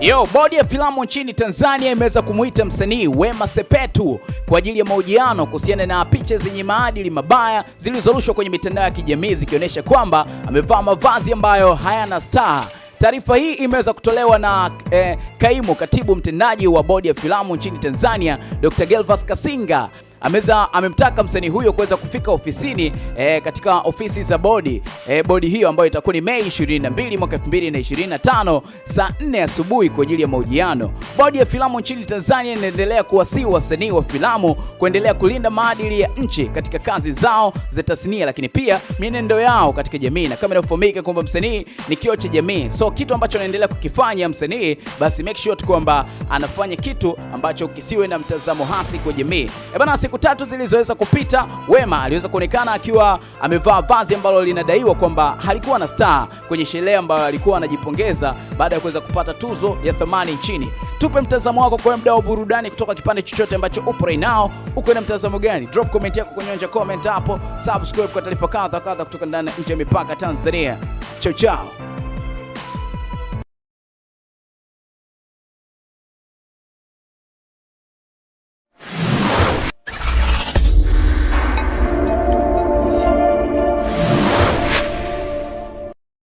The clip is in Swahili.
Yo, bodi ya filamu nchini Tanzania imeweza kumuita msanii Wema Sepetu kwa ajili ya mahojiano kuhusiana na picha zenye maadili mabaya zilizorushwa kwenye mitandao ya kijamii zikionyesha kwamba amevaa mavazi ambayo hayana staha. Taarifa hii imeweza kutolewa na eh, kaimu katibu mtendaji wa bodi ya filamu nchini Tanzania, Dr. gelvas Kasinga ameza amemtaka msanii huyo kuweza kufika ofisini e, katika ofisi za bodi e, bodi hiyo ambayo itakuwa ni Mei 22 mwaka 2025 saa 4 asubuhi kwa ajili ya mahojiano. Bodi ya filamu nchini Tanzania inaendelea kuwasihi wasanii wa filamu kuendelea kulinda maadili ya nchi katika kazi zao za tasnia, lakini pia mienendo yao katika jamii, na kama inafahamika kwamba msanii ni kioo cha jamii, so kitu ambacho anaendelea kukifanya msanii, basi make sure tu kwamba anafanya kitu ambacho kisiwe na mtazamo hasi kwa jamii. E bana siku tatu zilizoweza kupita, Wema aliweza kuonekana akiwa amevaa vazi ambalo linadaiwa kwamba halikuwa na star kwenye sherehe ambayo alikuwa anajipongeza baada ya kuweza kupata tuzo ya thamani nchini. Tupe mtazamo wako kwa mda wa burudani kutoka kipande chochote ambacho upo right now. Uko na mtazamo gani? Drop comment yako kwenye anja comment hapo, subscribe kwa taarifa kadha kadha kutoka ndani nje ya mipaka Tanzania. Chao chao.